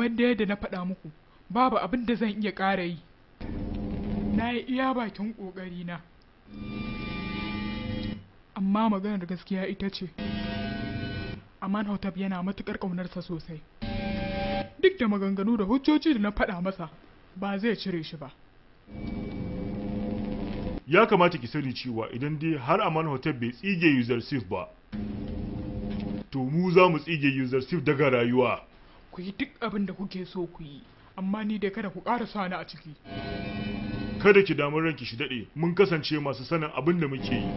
kamar da yadda na faɗa muku babu abin da zan iya ƙara yi na yi iya bakin ƙoƙarina amma maganar gaskiya ita ce aman hotab yana matuƙar ƙaunarsa sosai duk da maganganu da hujjoji da na faɗa masa ba zai cire shi ba ya kamata ki sani cewa idan dai har aman hotab bai tsige user safe ba to mu za mu tsige user safe daga rayuwa ku yi duk abin da kuke so ku yi amma ni dai kada ku ƙara sani a ciki kada ki damu ranki shi daɗe mun kasance masu sanin abin da muke yi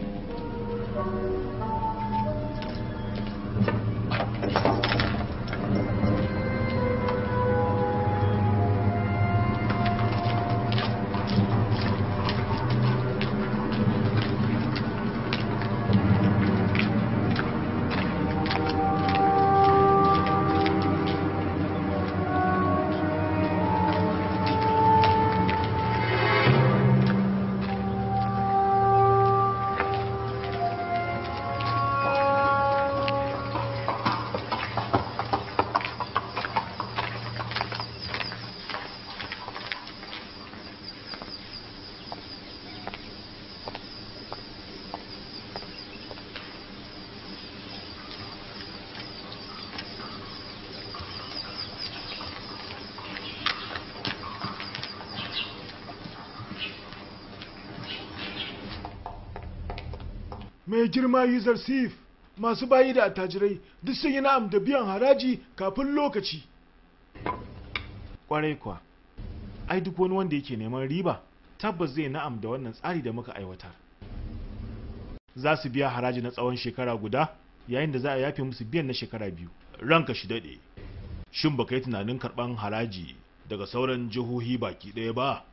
mai girma yi sif masu bayi da attajirai duk sun yi na'am da biyan haraji kafin lokaci kwarai kuwa ai duk wani wanda yake neman riba tabbas zai na'am da wannan tsari da muka aiwatar za su biya haraji na tsawon shekara guda yayin da za a yafe musu biyan na shekara biyu ranka shi daɗe shin baka yi tunanin karɓan haraji daga sauran jihohi baki ɗaya ba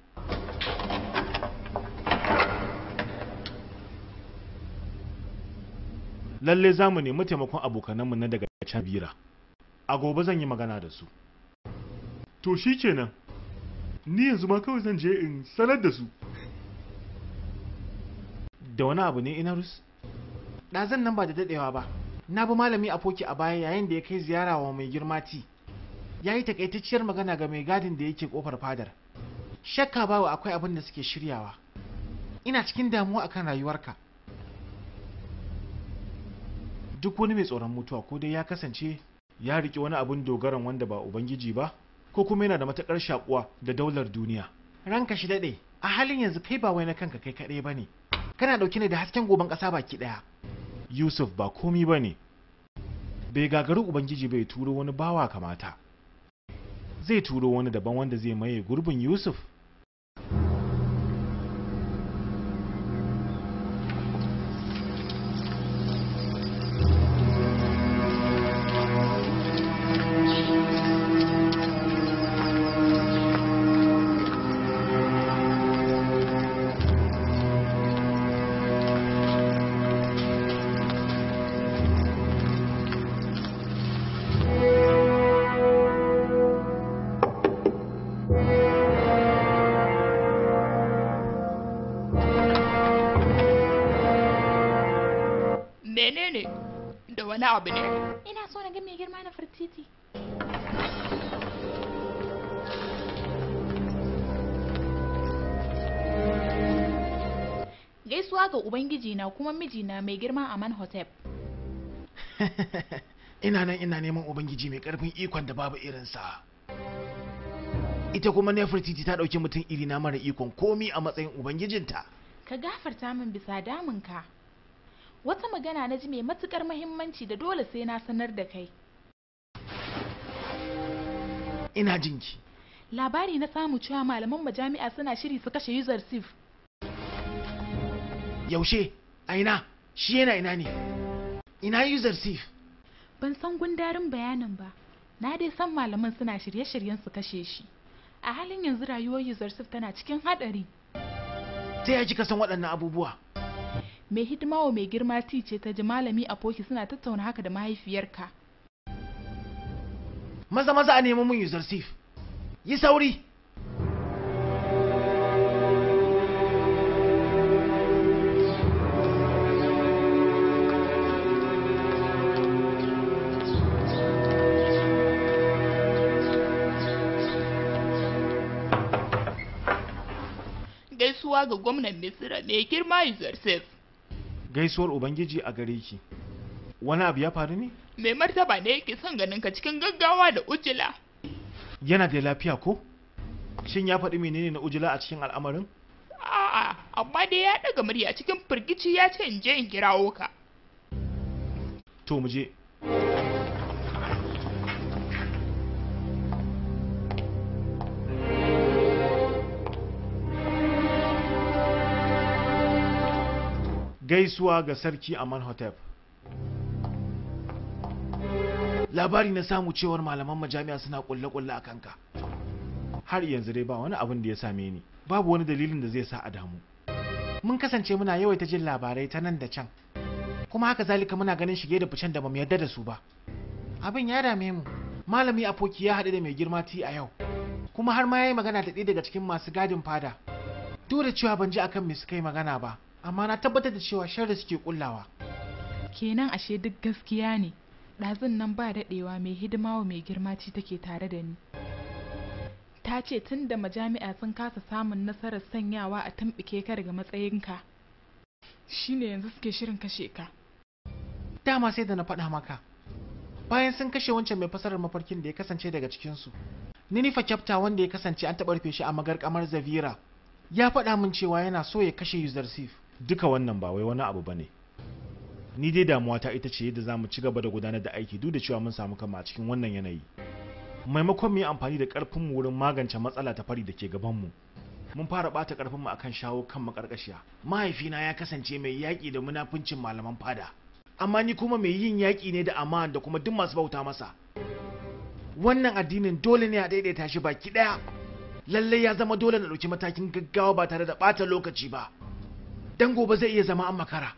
lalle za mu nemi taimakon abokananmu na daga can bira a gobe zan yi magana da su to shi kenan ni yanzu ma kawai zan je in sanar da su da wani abu ne ina rus? inarus zan nan ba da daɗewa ba na bi malami a foki a baya yayin da ya kai ziyara wa mai girma ti ya yi takaitacciyar magana ga mai gadin da yake kofar fadar shakka bawa akwai abin da suke shiryawa ina cikin damuwa akan rayuwarka duk wani mai tsoron mutuwa ko dai ya kasance ya riƙe wani abin dogaran wanda ba ubangiji ba ko kuma yana da matakar shakuwa da daular duniya ranka shi daɗe a halin yanzu kai ba wai na kanka kai kaɗai ba kana ɗauke ne da hasken goben ƙasa baki ɗaya yusuf ba komi bane bai gagari ubangiji bai turo wani bawa kamata zai turo wani daban wanda zai maye gurbin yusuf abu ina so na ga mai girma na fartiti gaisuwa ga ubangiji na kuma mijina mai girma a manhotep ina nan ina neman ubangiji mai karfin ikon da babu irinsa ita kuma nefertiti ta ɗauki mutum iri na mara ikon komi a matsayin ubangijinta ka gafarta min bisa damunka wata magana na ji mai matukar mahimmanci da dole sai na sanar da kai ina jinki labari na samu cewa malaman majami'a suna shiri su kashe user sif yaushe aina shi yana ina ne ina user sif ban san gundarin bayanin ba na dai san malaman suna shirye-shiryen su kashe shi a halin yanzu rayuwar user sif tana cikin hadari ta yaji kasan waɗannan abubuwa mai hidimawa mai girma ce ta ji malami a foki suna tattauna haka da mahaifiyarka maza maza a neman mun yi sif yi sauri gaisuwa ga gwamnan misira mai girma yuzar sif gaisuwar ubangiji a gare ki wani abu ya faru ne mai martaba ne yake son ganin ka cikin gaggawa da ujila yana da lafiya ko shin ya faɗi menene na ujila a cikin al'amarin a'a amma dai ya daga murya cikin firgici ya ce in je in kirawo ka to mu je gaisuwa ga sarki aman Hotel. labari na samu cewar malaman majami'a suna kulle-kulle a kanka har yanzu dai ba wani abin da ya same ni babu wani dalilin da zai sa a damu mun kasance muna yawai ta jin labarai ta nan da can kuma haka zalika muna ganin shige da ficen da bamu yarda da su ba abin ya dame mu malami apoki ya haɗu da mai girma ti a yau kuma har ma ya yi magana da ɗaya daga cikin masu gadin fada duk da cewa ban ji akan me suka yi magana ba amma na tabbatar da cewa sharri suke kullawa kenan ashe duk gaskiya ne ɗazun nan ba daɗewa mai hidima mai girma ce take tare da ni ta ce tun da majami'a sun kasa samun nasarar sanyawa a tambike ka daga matsayinka shine yanzu suke shirin kashe ka dama sai da na faɗa maka bayan sun kashe wancan mai fasarar mafarkin da ya kasance daga cikinsu ninifa kyafta wanda ya kasance an taɓa rufe shi a kamar zavira ya faɗa min cewa yana so ya kashe yuzar sif duka wannan ba wai wani abu ne. ni dai damuwa ta ita ce yadda zamu ci gaba da gudanar da aiki duk da cewa mun samu kama a cikin wannan yanayi maimakon mu yi amfani da karfin mu wurin magance matsala ta fari da ke gaban mu mun fara bata karfin mu akan shawo kan makarkashiya mahaifina ya kasance mai yaƙi da munafuncin malaman fada amma ni kuma mai yin yaƙi ne da aman da kuma duk masu bauta masa wannan addinin dole ne a daidaita shi baki ɗaya lallai ya zama dole na ɗauki matakin gaggawa ba tare da ɓata lokaci ba dan gobe zai iya zama an makara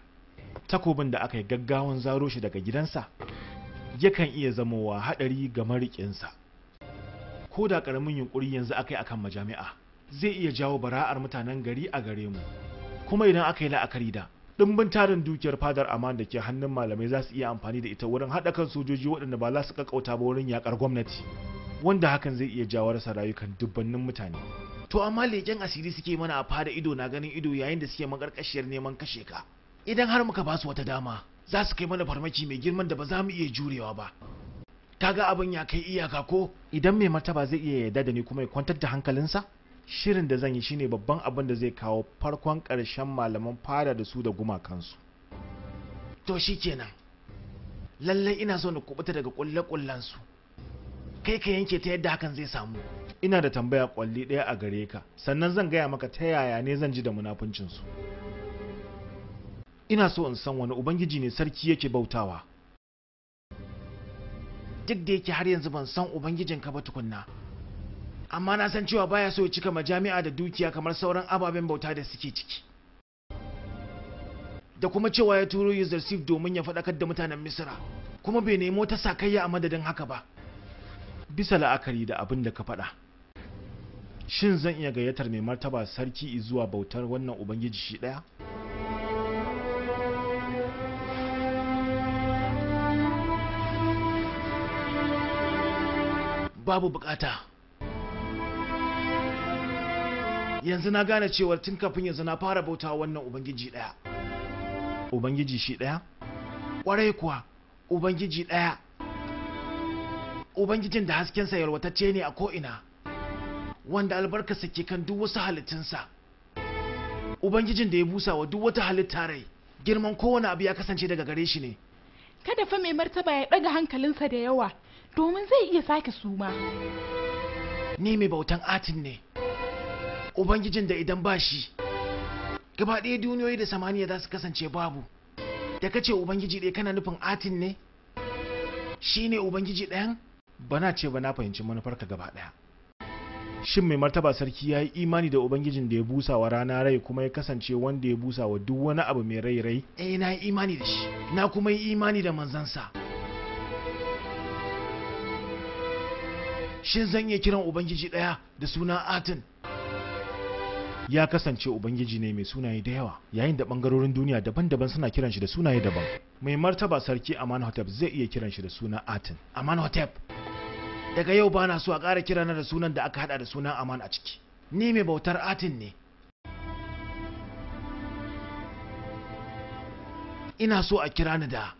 takobin da aka yi gaggawan zaro shi daga gidansa yakan iya zamowa haɗari ga mariƙinsa ko da ƙaramin yunkuri yanzu aka yi akan majami'a zai iya jawo bara'ar mutanen gari a gare mu kuma idan aka yi la'akari da ɗimbin tarin dukiyar fadar aman da ke hannun malamai za su iya amfani da ita wurin haɗa kan sojoji waɗanda ba za su ƙaƙƙauta ba wurin yaƙar gwamnati wanda hakan zai iya jawo rasa rayukan dubbannin mutane to amma leken asiri suke mana a fara ido na ganin ido yayin da suke makarkashiyar neman kashe ka idan har muka basu wata dama za su kai mana farmaki mai girman da ba za mu iya jurewa ba kaga abin ya kai iyaka ko idan mai martaba zai iya yarda da ni kuma ya kwantar da hankalinsa shirin da zan yi shine babban abin da zai kawo farkon karshen malaman fara da su da gumakansu to shi shikenan lallai ina so na kubuta daga kulle-kullensu kai ka yanke ta yadda hakan zai samu ina da tambaya kwalli ɗaya a gare ka sannan zan gaya maka ta yaya ne zan ji da munafuncinsu ina so in san wani ubangiji ne sarki yake bautawa duk da yake har yanzu ban san Ubangijin ka ba tukunna amma na san cewa baya so ya cika majami'a da dukiya kamar sauran ababen bauta da suke ciki da kuma cewa ya turo Yusuf domin ya faɗakar da mutanen Misira, kuma bai nemo ta sakayya a madadin haka ba bisa la'akari da abin da ka faɗa shin zan iya gayyatar mai martaba sarki zuwa bautar wannan ubangiji shi ɗaya babu bukata yanzu na gane cewar tun kafin yanzu na fara bauta wannan ubangiji ɗaya ubangiji shi ɗaya kwarai kuwa ubangiji ɗaya ubangijin da haskensa yalwatacce ne a ko'ina wanda albarkarsa ke kan duk wasu halittunsa ubangijin da ya busa wa duk wata halitta rai girman kowane abu ya kasance daga gare shi ne kada fa mai martaba ya ɗaga hankalinsa da yawa domin zai iya sake suma ni mai bautan atin ne ubangijin da idan ba shi gaba ɗaya duniyoyi da samaniya za su kasance babu da ka ce ubangiji ɗaya kana nufin atin ne shi ne ubangiji ɗayan bana ce ba na fahimci manufarka gaba ɗaya shin mai martaba sarki ya yi imani da ubangijin da ya busa wa rana rai kuma ya kasance wanda ya busa wa duk wani abu mai rai rai eh na yi imani da shi na kuma yi imani da manzansa shin zan iya kiran ubangiji ɗaya da suna atin ya kasance ubangiji ne mai sunaye da yawa yayin da bangarorin duniya daban-daban suna kiran shi da sunaye daban mai martaba sarki amanhotep zai iya kiran shi da suna atin amanhotep daga yau bana so a ƙara kira na da sunan da aka hada da sunan aman a ciki ni mai bautar atin ne ina so a kira ni da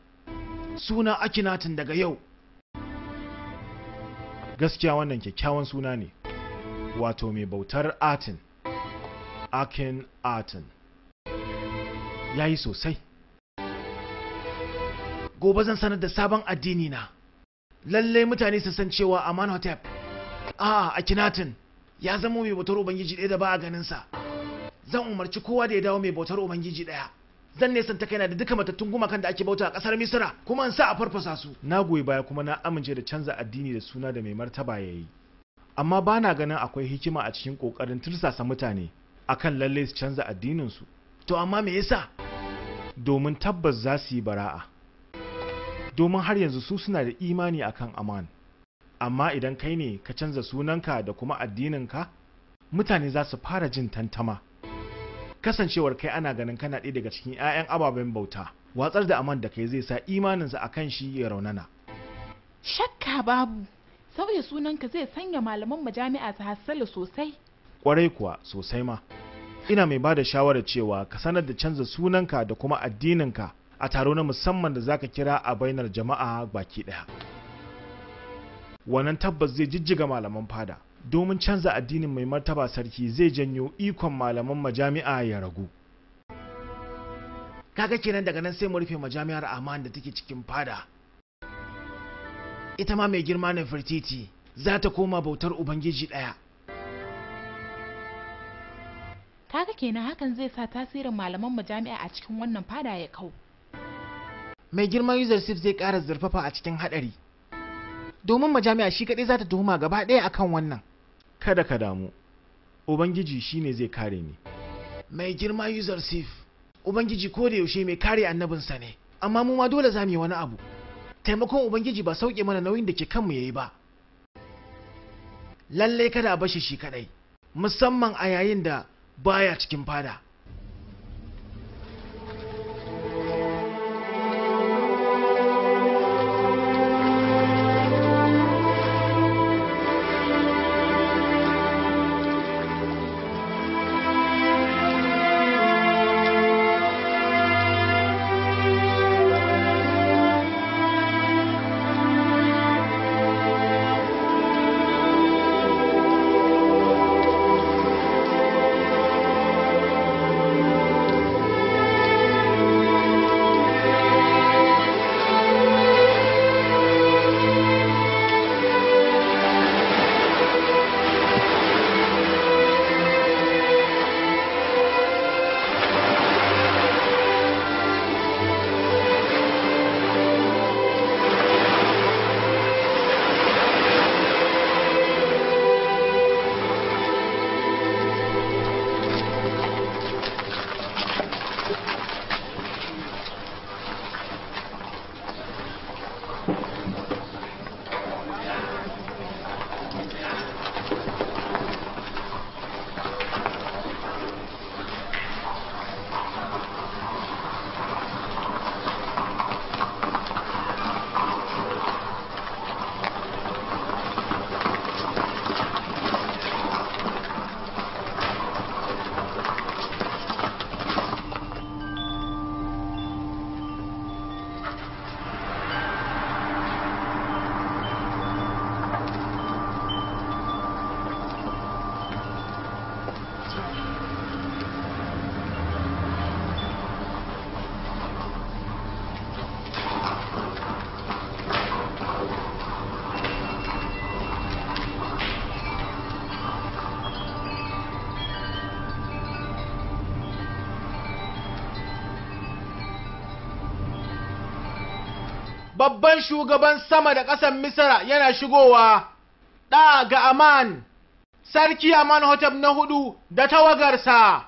suna akinatin daga yau gaskiya wannan kyakkyawan suna ne wato mai bautar atin akin atin ya yi sosai gobe zan sanar da sabon addini na lalle mutane su san cewa a manhotep a a kinatin ya zama mai bautar ubangiji ɗaya da ba a ganin sa zan umarci kowa da ya dawo mai bautar ubangiji ɗaya zan nesan ta kaina da duka matattun gumakan da ake bauta a ƙasar misira kuma in sa a farfasa su na goyi baya kuma na amince da canza addini da suna da mai martaba ya yi amma ba na ganin akwai hikima a cikin ƙoƙarin tursasa mutane akan lalle su canza addininsu to amma me yasa domin tabbas za su yi bara'a domin har yanzu su suna da imani akan aman amma idan kai ne ka canza sunanka da kuma addininka mutane za su fara jin tantama kasancewar kai ana ganin kana ɗaya daga cikin 'ya'yan ababen bauta watsar da aman da kai zai sa imaninsa a kan shi ya raunana shakka babu sauya sunanka zai sanya malaman majami'a su hassala sosai kwarai kuwa sosai ma ina mai ba da shawarar cewa ka sanar da canza sunanka da kuma addininka a taro na musamman da zaka kira a bainar jama'a baki daya wannan tabbas zai jijjiga malaman fada domin canza addinin mai martaba sarki zai janyo ikon malaman majami'a ya ragu kaga kenan daga nan sai mu rufe majami'ar aman da take cikin fada ita ma mai girma na firtiti za ta koma bautar ubangiji ɗaya kaga kenan hakan zai sa tasirin malaman majami'a a cikin wannan fada ya kau mai girman sif zai kara zurfafa a cikin haɗari domin majami'a shi kaɗai za ta tuhuma gaba ɗaya akan wannan kada ka damu ubangiji shine zai kare ni mai girma sif ubangiji ko da yaushe mai kare annabinsa ne amma mu ma dole za mu yi wani abu taimakon ubangiji ba sauke mana nauyin da ke kanmu yi ba lallai kada a bashi shi kaɗai musamman a yayin da baya cikin fada babban shugaban sama da ƙasar misra yana shigowa ɗa ga aman sarki aman Hotep na hudu da tawagarsa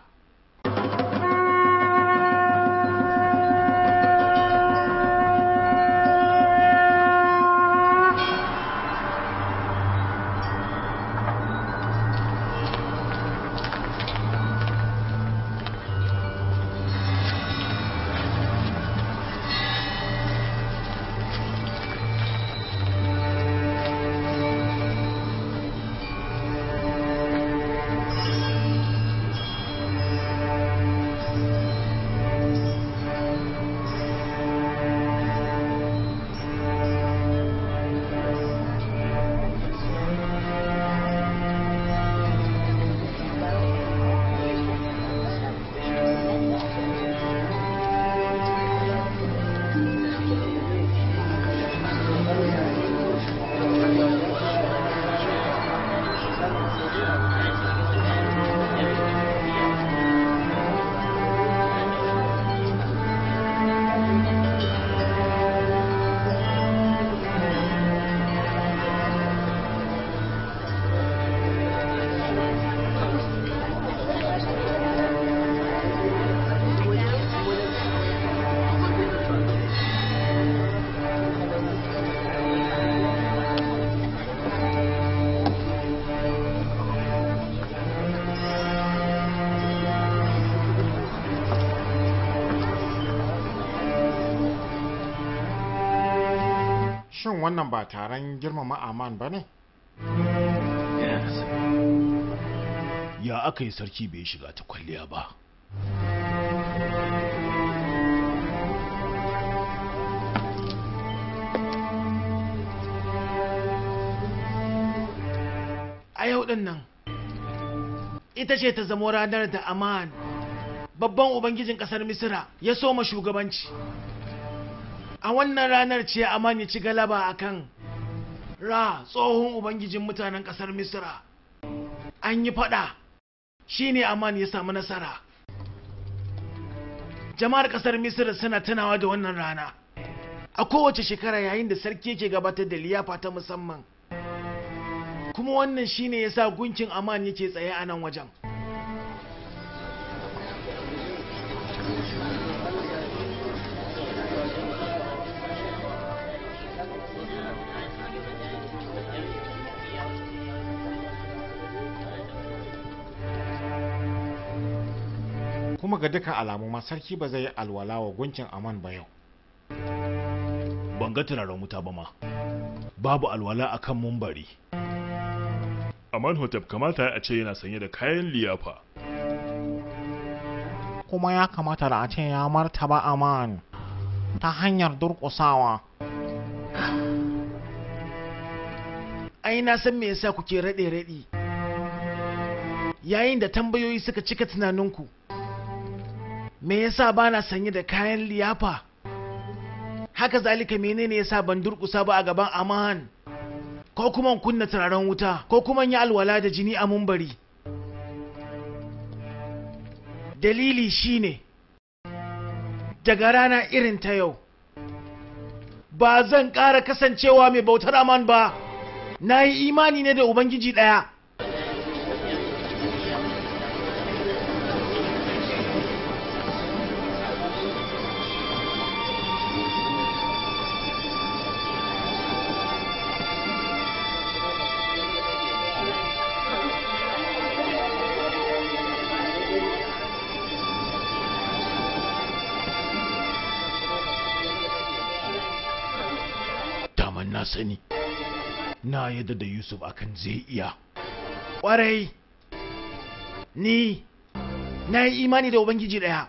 shin wannan ba taron girmama aman ba ne ya aka yi sarki bai shiga ta kwalliya ba a yau din ita ce ta zamo ranar da aman babban ubangijin ƙasar misira ya soma shugabanci a wannan ranar ce aman ya ci galaba a kan ra tsohon ubangijin mutanen ƙasar Misira. an yi faɗa ne aman ya samu nasara jama'ar ƙasar Misira suna tunawa da wannan rana a kowace shekara yayin da sarki yake gabatar da liyafa ta musamman kuma wannan shine yasa gunkin aman yake tsaye a nan wajen kuma ga duka alamu ma sarki ba zai yi alwala wa gunkin aman ba yau ban ga turaren wuta ba ma babu alwala a kan mumbari aman hotab kamata a ce yana sanye da kayan liyafa kuma ya kamata da a ce ya martaba aman ta hanyar durƙusawa ai na san me yasa kuke raɗe-raɗi yayin da tambayoyi suka cika tunaninku me yasa ba na sanye da kayan liyafa haka zalika menene yasa ban durkusa ba a gaban amahan ko kuma kunna turaren wuta ko kuma yi alwala da jini a mumbari dalili shine daga rana irin ta yau ba zan ƙara kasancewa mai bautar aman ba na yi imani ne da ubangiji ɗaya na sani na yadda da yusuf akan zai iya Kwarai, ni na yi imani da ubangiji ɗaya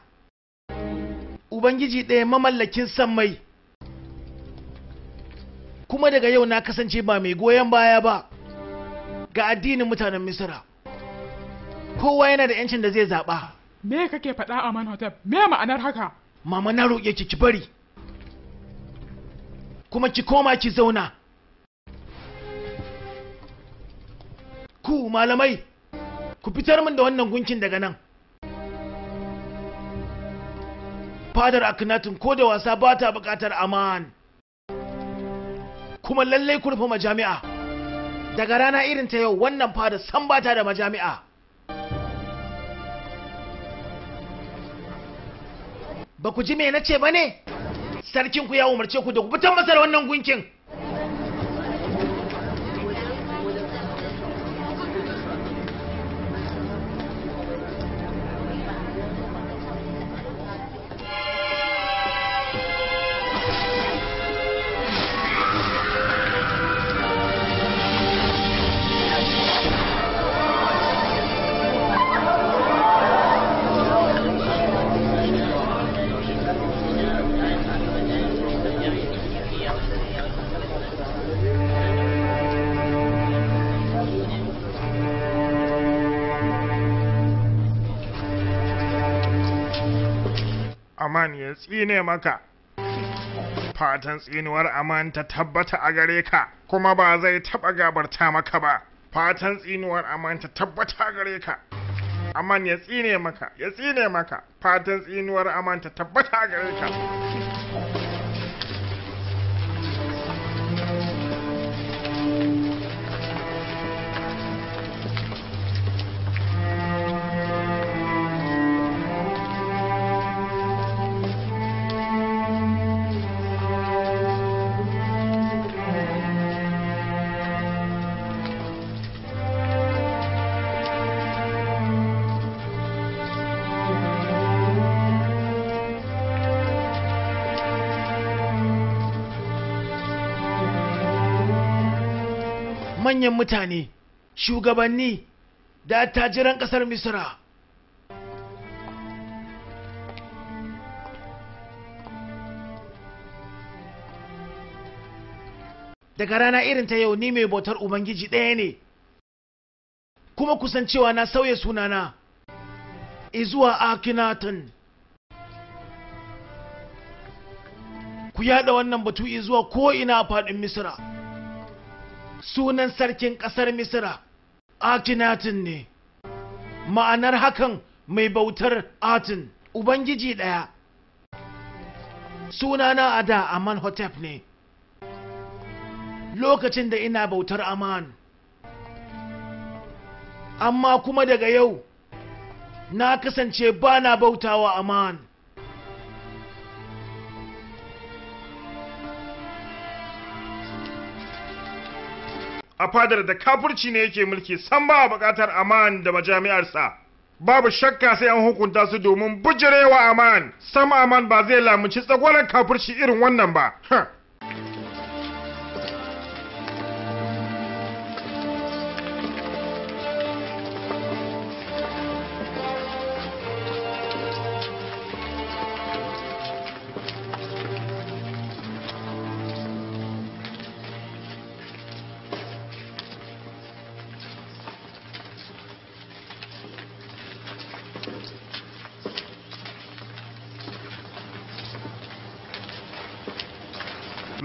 ubangiji ɗaya mamallakin sammai kuma daga yau na kasance ba mai goyon baya ba ga addinin mutanen misira kowa yana da yancin da zai zaɓa me kake faɗa a manhattan me ma'anar haka mama na roƙe ki ki bari kuma ki koma ki zauna ku malamai ku fitar min da wannan gunkin daga nan fadar akinatin ko da wasa ba ta bukatar aman kuma lallai ku rufe majami'a daga rana irin ta yau wannan fada san ba ta da majami'a ba ku ji me na ce ba ne? sarkin ku ya umarce ku da ku fitan masa da wannan gunkin aman ya tsine maka fatan tsinuwar aman ta tabbata a gare ka kuma ba zai taɓa gabarta maka ba fatan tsinuwar aman ta tabbata a gare ka aman ya tsine maka ya tsine maka fatan tsinuwar aman ta tabbata a gare ka manyan mutane shugabanni da attajiran ƙasar misra daga rana irin ta yau ni mai bautar ubangiji ɗaya ne kuma kusancewa na sauya sunana izuwa akinatan ku yada wannan batu izuwa ko ina faɗin misra sunan sarkin ƙasar misira akinatin ne ma'anar hakan mai bautar atin ubangiji ɗaya sunana a Amanhotep ne lokacin da ina bautar aman amma kuma daga yau na kasance bana bautawa aman a fadar da kafurci ne yake mulki san ba a bukatar aman da majami'arsa babu shakka sai an hukunta su domin bujirewa aman sam aman ba zai lamunci tsagwaron kafurci irin wannan ba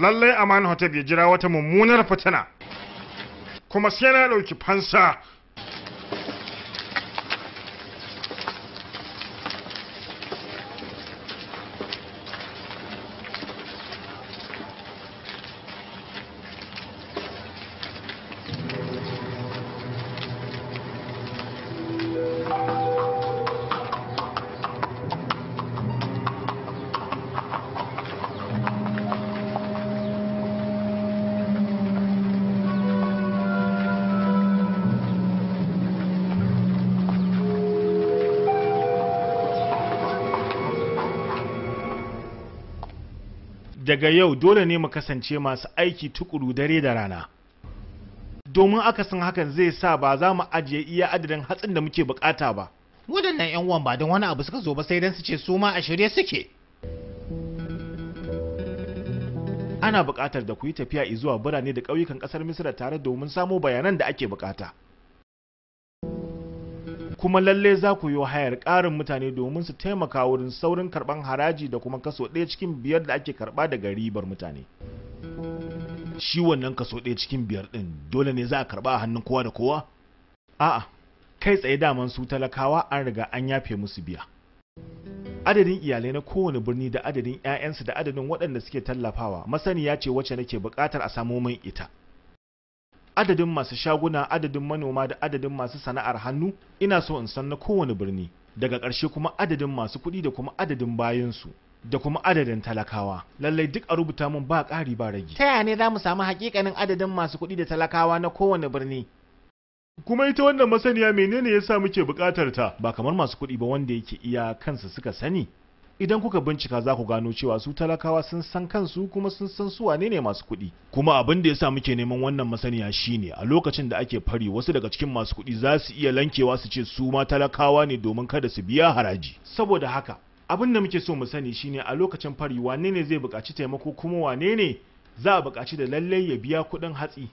lallai aman hotel ya jira wata mummunar fitina kuma sai na ɗauki fansa daga yau dole ne mu kasance masu aiki tukuru dare da rana domin akasin hakan zai sa ba za mu ajiye iya adadin hatsin da muke bukata ba waɗannan 'yan uwan ba don wani abu suka zo ba sai dan su ce su ma a shirye suke ana bukatar da ku yi tafiya zuwa birane da ƙauyukan ƙasar misira tare domin samo bayanan da ake bukata kuma lalle za ku yi hayar ƙarin mutane domin su taimaka wurin saurin karɓar haraji da kuma kaso ɗaya cikin biyar da ake karɓa daga ribar mutane shi wannan kaso ɗaya cikin biyar ɗin dole ne za a karɓa a hannun kowa da kowa a'a kai tsaye daman su talakawa an riga an yafe musu biya adadin iyalai na kowane birni da adadin 'ya'yansu da adadin waɗanda suke tallafawa masaniya ce wacce nake buƙatar a samo min ita adadin masu shaguna adadin manoma da adadin masu sana'ar hannu ina so in san na kowane birni daga ƙarshe kuma adadin masu kuɗi da kuma adadin bayansu da kuma adadin talakawa lallai duk a rubuta min ba ƙari ba rage ta yaya ne za mu samu hakikanin adadin masu kuɗi da talakawa na kowane birni kuma ita wannan masaniya menene yasa muke buƙatar ta ba kamar masu kuɗi ba wanda yake iya kansa suka sani idan kuka bincika za ku gano cewa su talakawa sun san kansu kuma sun san su wane ne masu kuɗi kuma abin da yasa muke neman wannan masaniya shine a lokacin da ake fari wasu daga cikin masu kuɗi za su iya lankewa su ce su ma talakawa ne domin kada su biya haraji saboda haka abin da muke so mu sani shine a lokacin fari wane ne zai buƙaci taimako kuma wane ne za a buƙaci da lallai ya biya kuɗin hatsi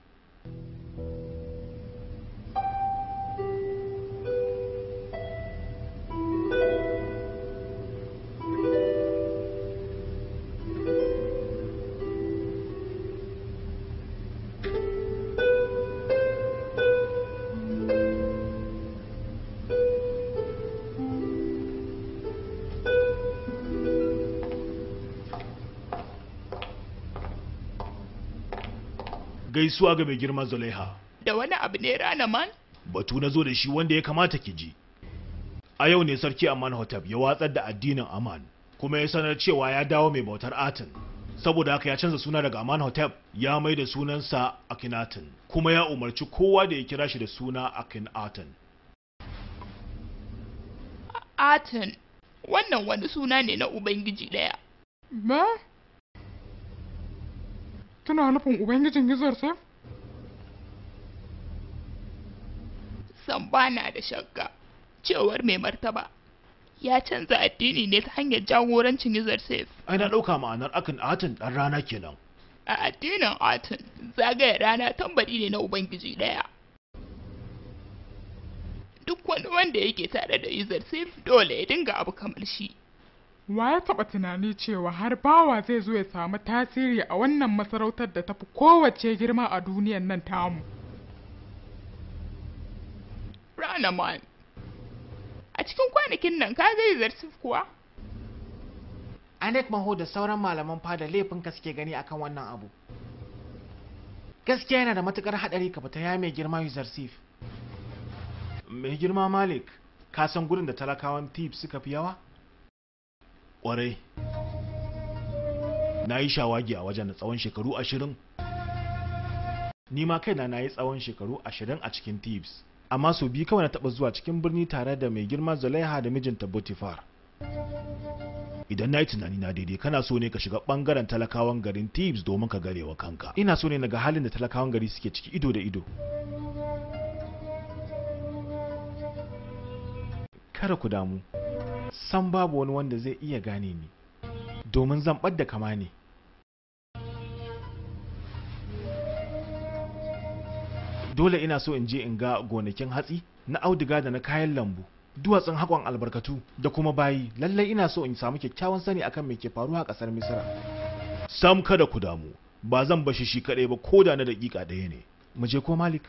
gaisuwa ga mai girma zulaiha da wani abu ne rana man batu na zo da shi wanda ya kamata ki ji a yau ne sarki aman hotab ya watsar da addinin aman kuma ya sanar cewa ya dawo mai bautar atin saboda haka ya canza suna daga aman hotab ya mai da sunansa akinatin kuma ya umarci kowa da ya kira shi da suna Akhenaten. atin wannan wani suna ne na ubangiji ɗaya. Ma? tana nufin ubangijin gizarsa? san bana da shakka cewar mai martaba ya canza addini ne ta hanyar jagorancin gizar saif ai na ɗauka ma'anar akan atin ɗan rana kenan a addinin atin zagaya rana tambari ne na ubangiji ɗaya duk wani wanda yake tare da Gizar saif dole ya dinga abu kamar shi Wa ya taɓa tunani cewa har bawa zai zo ya samu tasiri a wannan masarautar da tafi kowace girma a duniyan nan tamu? Ranaman, a cikin kwanakin nan ka zai zarci kuwa? Anek Maho da sauran malaman fada laifin ka suke gani akan wannan abu. Gaskiya yana da matukar haɗari ka fita ya mai girma Yuzarsif. Mai girma Malik, ka san gudun da talakawan Thebes suka fi yawa? kwarai na yi shawagi a wajen da tsawon shekaru ashirin ni ma kaina na yi tsawon shekaru ashirin a cikin thieves amma sau biyu kawai na taɓa zuwa cikin birni tare da mai girma zalaiha da mijinta botifar idan na yi tunani na daidai kana so ne ka shiga bangaren talakawan garin thieves domin ka garewa kanka ina so ne na ga halin da talakawan gari suke ciki ido da ido kada ku damu san babu wani wanda zai iya gane ni domin zan ɓadda kama ne dole ina so in je in ga gonakin hatsi na auduga da na kayan lambu duwatsun hakon albarkatu da kuma bayi lallai ina so in samu kyakkyawan sani akan me ke faruwa a ƙasar misira sam kada ku damu ba zan bashi shi kaɗai ba ko da na daƙiƙa ɗaya ne mu je ko malik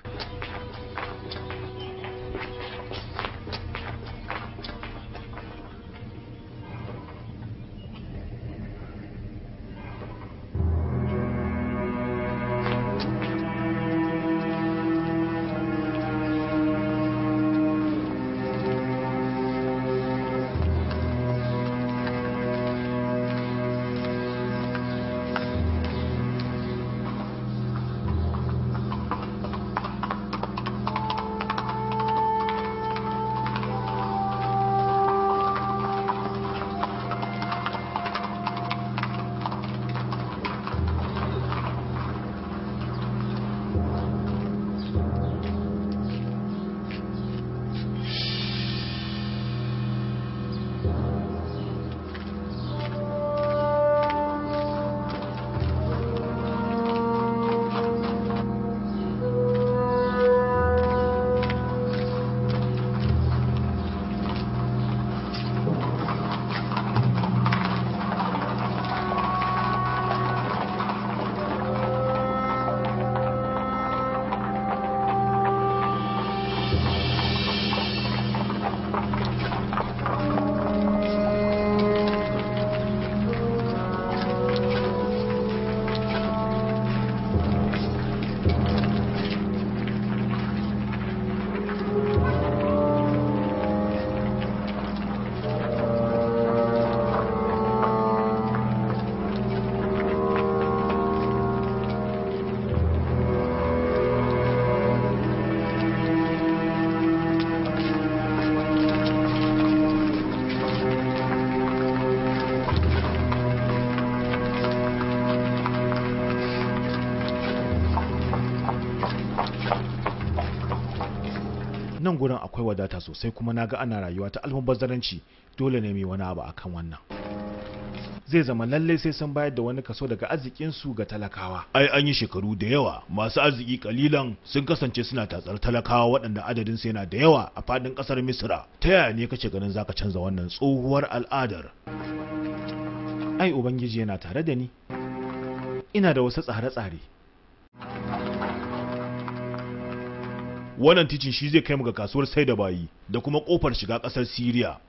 gurin akwai wadata sosai kuma naga ana rayuwa ta almubazzaranci dole ne mai wani abu akan wannan zai zama lallai sai sun bayar da wani kaso daga arzikinsu ga talakawa ai an yi shekaru da yawa masu arziki kalilan sun kasance suna tatsar talakawa waɗanda adadin su yana da yawa a fadin ƙasar misira ta yaya ne kace ganin zaka canza wannan tsohuwar al'adar ai ubangiji yana tare da ni ina da wasu tsare-tsare wannan titin shi zai kai mu ga kasuwar sai da bayi da kuma kofar shiga kasar Syria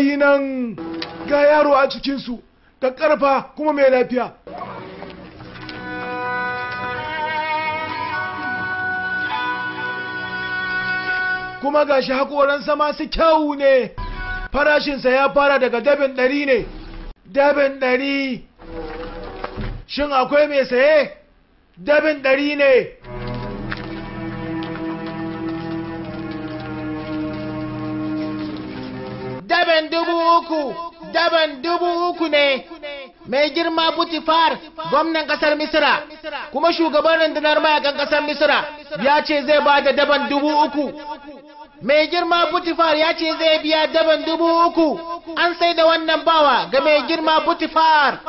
gayi nan ga yaro a cikinsu da ƙarfa kuma mai lafiya kuma ga shi haƙoransa masu kyau ne farashinsa ya fara daga dabin ɗari ne dabin ɗari shin akwai mai saye dabin ɗari ne uku daban dubu uku ne mai girma butifar gwamnan kasar misira kuma shugaban rundunar mayakan kasar misira ya ce zai ba da daban dubu uku mai girma butifar ya ce zai biya daban dubu uku an sai da wannan bawa ga mai girma butifar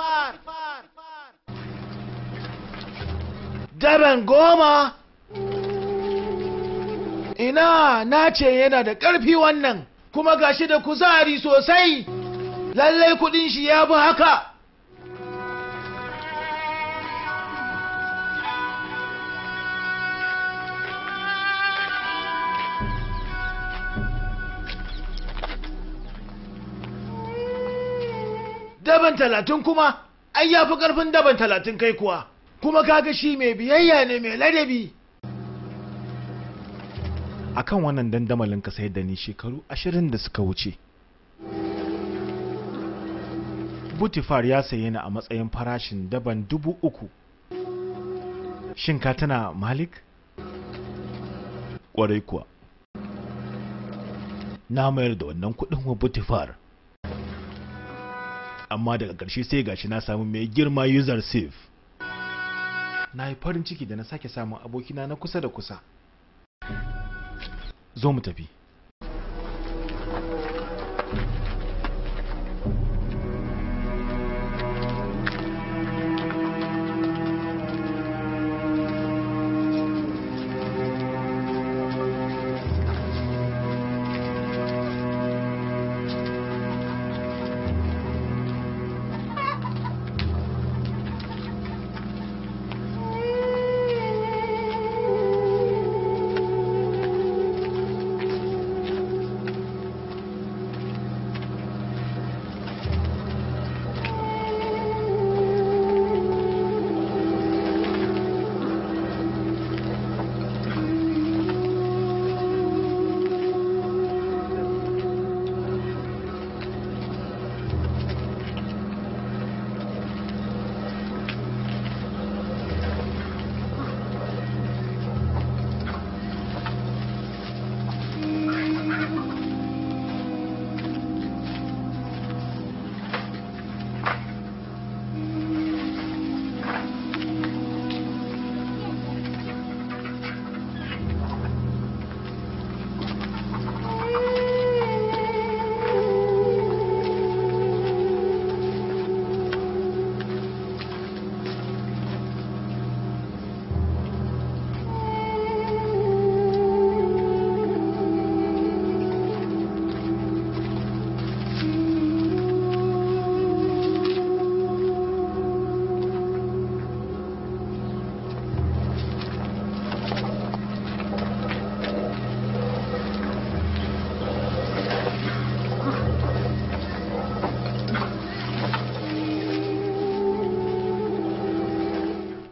daban goma ina na ce yana da ƙarfi wannan kuma gashi da kuzari sosai lallai kudin shi ya bi haka daban talatin kuma ai yafi fi ƙarfin daban talatin kai kuwa kuma kaga shi mai biyayya ne mai ladabi akan wannan dandamalin ka sayar da ni shekaru ashirin da suka wuce butifar ya saye ni a matsayin farashin daban dubu uku shin ka tana malik kwarai kuwa na mayar da wannan kuɗin wa butifar amma daga ƙarshe sai gashi na samu mai girma user safe na yi farin ciki da na sake samun abokina na kusa da kusa زۆمتەبی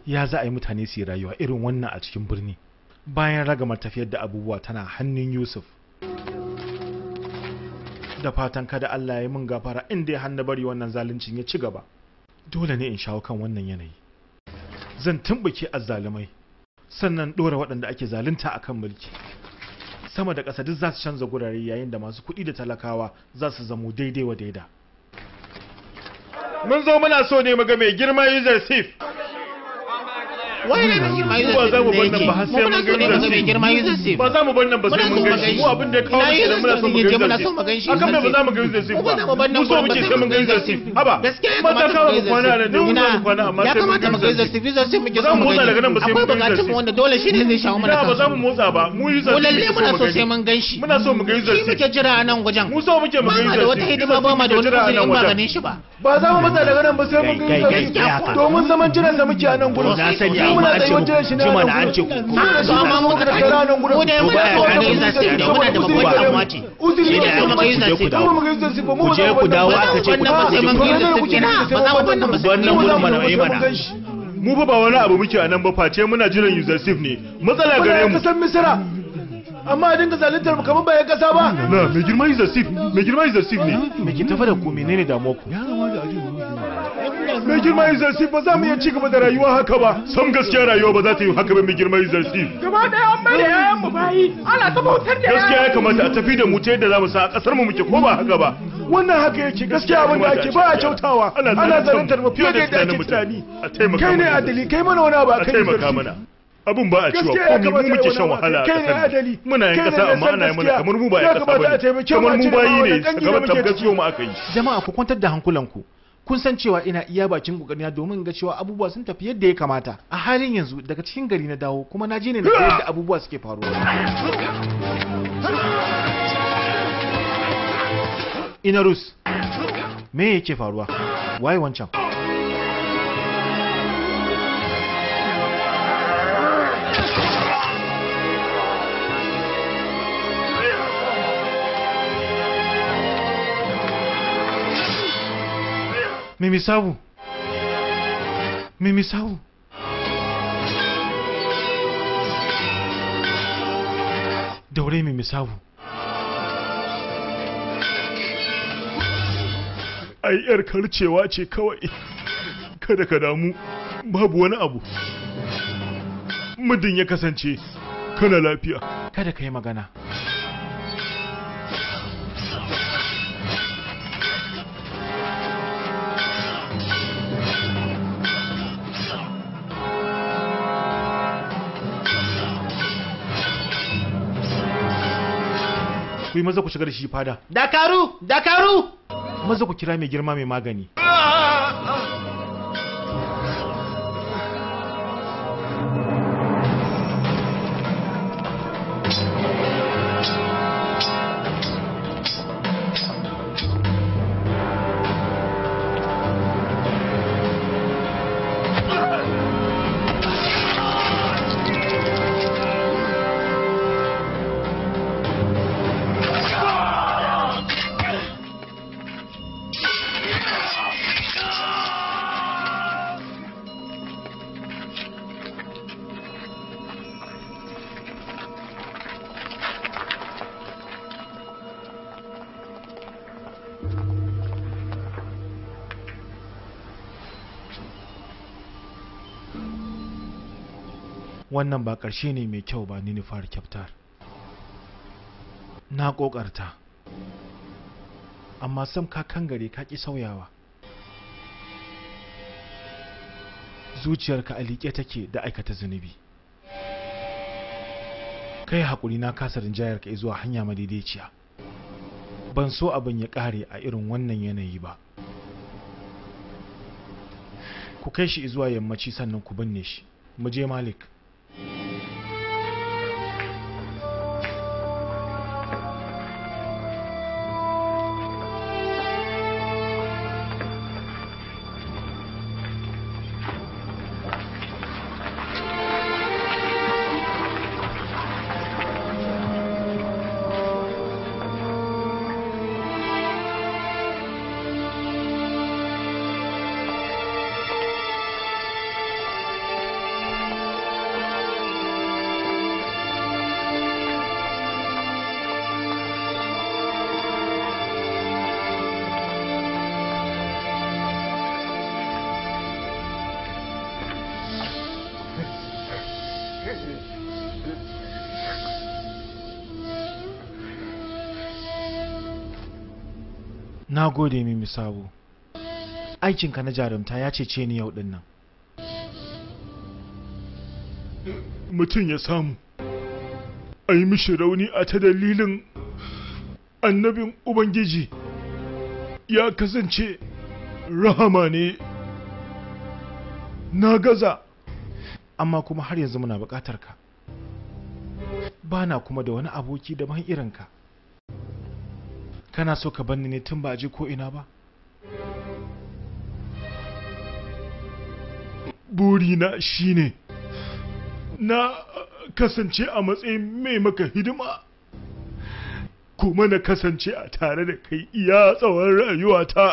ya za a yi mutane su yi rayuwa irin wannan a cikin birni bayan ragamar tafiyar da abubuwa tana hannun yusuf da fatan kada allah ya min gafara inda ya hannu bari wannan zaluncin ya ci gaba dole ne in shawo kan wannan yanayi zan tumbuke azzalumai sannan ɗora waɗanda ake zalunta akan mulki sama da ƙasa duk za su canza gurare yayin da masu kuɗi da talakawa za su zamo daidai wa daida mun zo muna so ne mu ga mai girma yuzar sif wai ne mai ba za mu bar nan ba sai mun ga da shi ba za mu bar nan ba sai mun ga shi mu abin da ya kawo mu muna son mu ga Yusuf muna son mu ga shi akan ba za mu ga Yusuf ba mu so muke sai mun ga Yusuf haba gaskiya ya kamata mu ga kwana nan mu mun ga Yusuf Yusuf muke son mu ga daga nan ba dole shi ne zai shawo mana ba za mu motsa ba mu Yusuf lalle muna so mun ga shi so mu ga Yusuf shi mu so muke mu ga Yusuf ba da hidima ba ma da wani kuzuri in ba ganin shi ba za mu ba amma an ce an ce ku amma da da da muna da babban ce shi da da ku je ku dawo aka ce ku sai mun yi da ba za mu ba wannan mana yi mana mu ba wani abu muke a nan ba face muna jiran Yusuf ne matsala gare mu kasan misira amma a dinga mu kamar bayan kasa ba na mai girma mai girma ne tafa da menene damuwa ku da mai girma exercif ba za mu iya ci gaba da rayuwa haka ba sam gaskiya rayuwa ba za ta yi haka ba mai girma exercif gaba da an bari ya mu bayi ana ta bautar da gaskiya ya kamata a tafi da mu ta yadda za mu sa a kasar mu muke ko ba haka ba wannan haka yake gaskiya abin da ake ba a kyautawa ana zarantar tarba fiye da yadda ake tunani kai ne adali kai mana wani abu a kai mana abun ba a cewa ko mu muke shan wahala a kasar muna yin kasa amma ana yi mana kamar mu ba ya kasa bane kamar mu bayi ne gaban tabbaciyo mu aka yi jama'a ku kwantar da hankulanku kun san cewa ina iya bakin kokarina domin ga cewa abubuwa sun tafi yadda ya kamata a halin yanzu daga cikin gari na dawo kuma na je ne na yadda abubuwa suke faruwa Ina rus? me yake faruwa waye wancan Mimisawu! Mimisawu! Daure Mimisawu! Ai, ‘yar karcewa ce kawai, kada ka damu, babu wani abu. Muddin ya kasance, kana lafiya. Kada ka yi magana. ku yi maza ku shiga shi fada dakaru dakaru maza ku kira mai girma mai magani ah! wannan ba ƙarshe ne mai kyau ba fara kyaftar na ƙoƙarta amma sam ka kan gare ka ƙi sauyawa zuciyarka a liƙe take da aikata zunubi kai haƙuri na kasa rinjayarka zuwa hanya madaidaiciya ban so abin ya ƙare a irin wannan yanayi ba ku kai shi zuwa yammaci sannan ku binne shi mu je malik Amen. gode mimi sabo aikinka na jarumta ya cece ni yau dinnan mutum ya samu a yi mishi rauni a ta dalilin annabin ubangiji ya kasance rahama ne na gaza amma kuma har yanzu muna buƙatar ka ba na kuma da wani aboki daban irinka kana so ka banni ne tun ba a je ko ina ba burina shine na kasance a matsayin mai maka hidima kuma na kasance a tare da kai iya tsawon rayuwata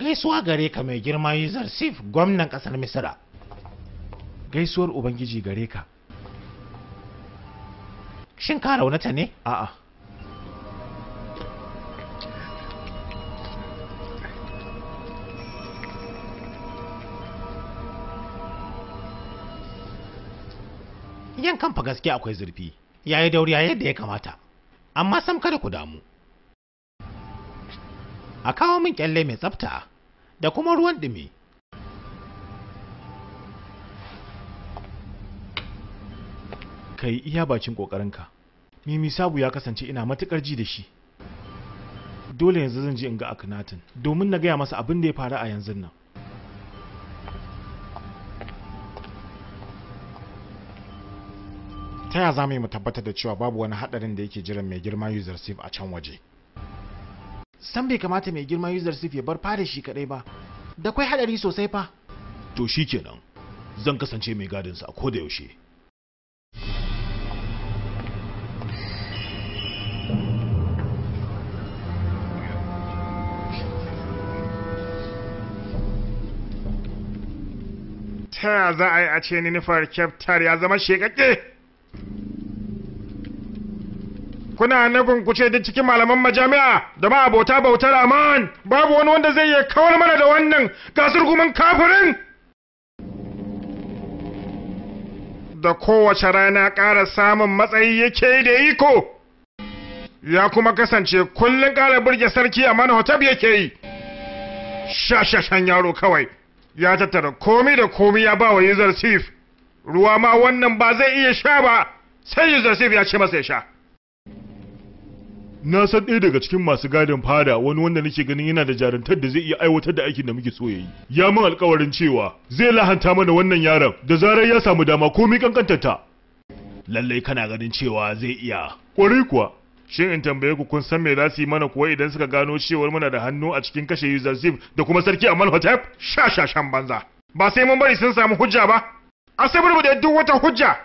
gaisuwa gare ka mai girma yuzar sif gwamnan kasar misira gaisuwar ubangiji gare ka shin ka raunata ne a'a yankan fa gaske akwai zurfi yayi dauriya yadda ya kamata amma sam kada ku damu a kawo min kyalle mai tsafta da kuma ruwan dumi ka yi iya bakin ƙoƙarinka mimi sabu ya kasance ina matukar ji da shi dole yanzu zan ji in ga akhenaten domin na gaya masa abin da ya faru a yanzu nan ta ya za mu tabbatar da cewa babu wani haɗarin da yake jiran mai girma user sif a can waje san bai kamata mai girma user sif ya bar fada shi kaɗai ba da kwai haɗari sosai fa to shi shikenan zan kasance mai gadinsa a koda yaushe ta ya za a yi a ce ninifar kyaftar ya zama shekake kuna nufin ku duk cikin malaman majami'a da ma abota bautar aman babu wani wanda zai iya kawar mana da wannan gasar gumin kafirin da kowace rana ƙara samun matsayi yake da iko ya kuma kasance kullum ƙara burge sarki a manhotab yake yi shashashan yaro kawai ya tattara komi da komi ya ba wa user chief ruwa ma wannan ba zai iya sha ba sai user chief ya ce masa ya sha na san ɗaya daga cikin masu gadin fada wani wanda nake ganin yana da jarumtar da zai iya aiwatar da aikin da muke so yayi ya min alkawarin cewa zai lahanta mana wannan yaron da zarar ya samu dama komai kankantarta lallai kana ganin cewa zai iya kwarai kuwa shin in tambaye ku kun san me za su yi mana kuwa idan suka gano cewar muna da hannu a cikin kashe Yuzazib da kuma sarki Amal Hotep sha sha shan banza ba sai mun bari sun samu hujja ba asabar da duk wata hujja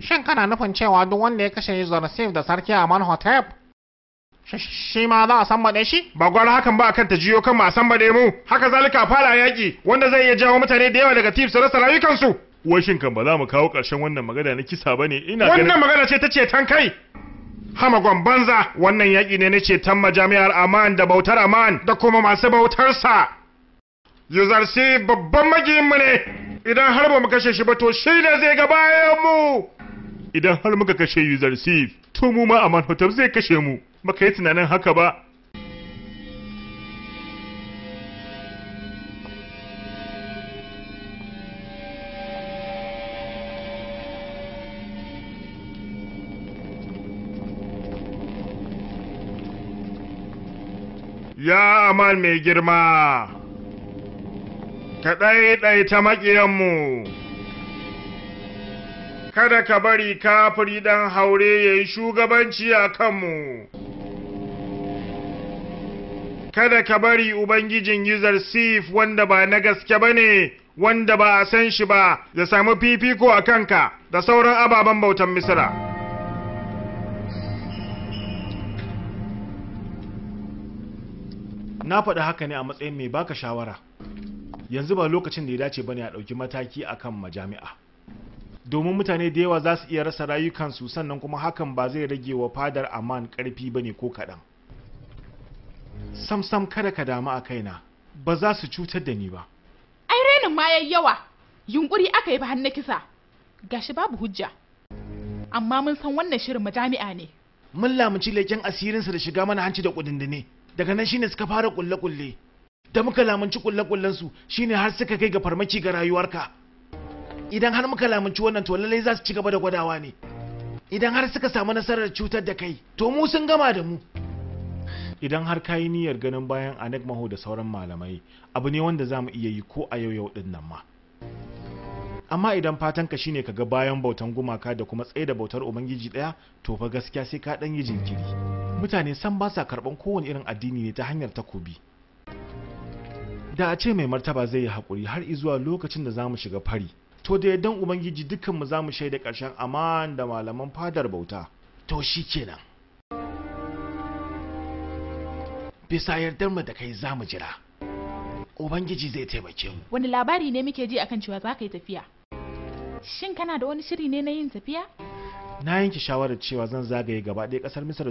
shin kana nufin cewa duk wanda ya kashe Yuzazib da sarki Amal Hotep shi ma za a san baɗe shi ba gwara hakan ba akan ta jiyo kan a san baɗe mu haka zalika fara yaƙi wanda zai iya jawo mutane da yawa daga tips su rasa rayukansu wai ba za mu kawo ƙarshen wannan magana na kisa ba ne ina ganin wannan magana ce ta ce tan kai hamagon banza wannan yaƙi ne na ceton majami'ar aman da bautar aman da kuma masu bautarsa yuzarsi babban mu ne idan har ba mu kashe shi ba to shi ne zai ga mu idan har muka kashe yuzarsi to mu ma aman hotel zai kashe mu baka yi tunanin haka ba ya amal mai girma ka ɗaiɗaita maƙiyanmu kada ka bari kafiri ɗan haure ya yi shugabanci a kanmu kada ka bari ubangijin yuzar sif wanda ba na gaske ba ne wanda ba a san shi ba ya sami fifiko a kanka da sauran ababen bautan misira na faɗi haka ne a matsayin mai baka shawara yanzu ba lokacin da ya dace bane a ɗauki mataki akan majami'a domin mutane da yawa za su iya rasa rayukansu sannan kuma hakan ba zai rage wa fadar aman ƙarfi ne ko kaɗan sam-sam kada ka damu a kaina ba za su cutar da ni ba ai rainin ma yayi yawa yunƙuri aka yi ba hannu kisa gashi babu hujja amma mun san wannan shirin majami'a ne mun lamunci leken asirinsa da shiga mana hanci da kudindine daga nan shine suka fara kulle-kulle da muka lamunci kulle-kullen su shine har suka kai ga farmaki ga rayuwarka idan har muka lamunci wannan to lallai za su ci gaba da gwadawa ne idan har suka samu nasarar cutar da kai to mu sun gama da mu idan har ka yi niyyar ganin bayan anek maho da sauran malamai abu ne wanda za mu iya yi ko a yau yau din nan ma amma idan fatan fatanka shine kaga bayan bautan gumaka da kuma tsaye da bautar ubangiji daya to fa gaskiya sai ka dan yi jinkiri mutane san ba sa karban kowane irin addini ne ta hanyar takobi da a ce mai martaba zai yi hakuri har izuwa lokacin da zamu shiga fari to da yaddan ubangiji dukkan mu zamu shaida karshen aman da malaman fadar bauta to shikenan bisa yardar mu da kai zamu jira ubangiji zai taimake mu wani labari ne muke ji akan cewa za ka yi tafiya Shin kana da wani shiri ne na yin tafiya? Na yanke shawarar cewa zan zagaye gaba ɗaya ƙasar Misir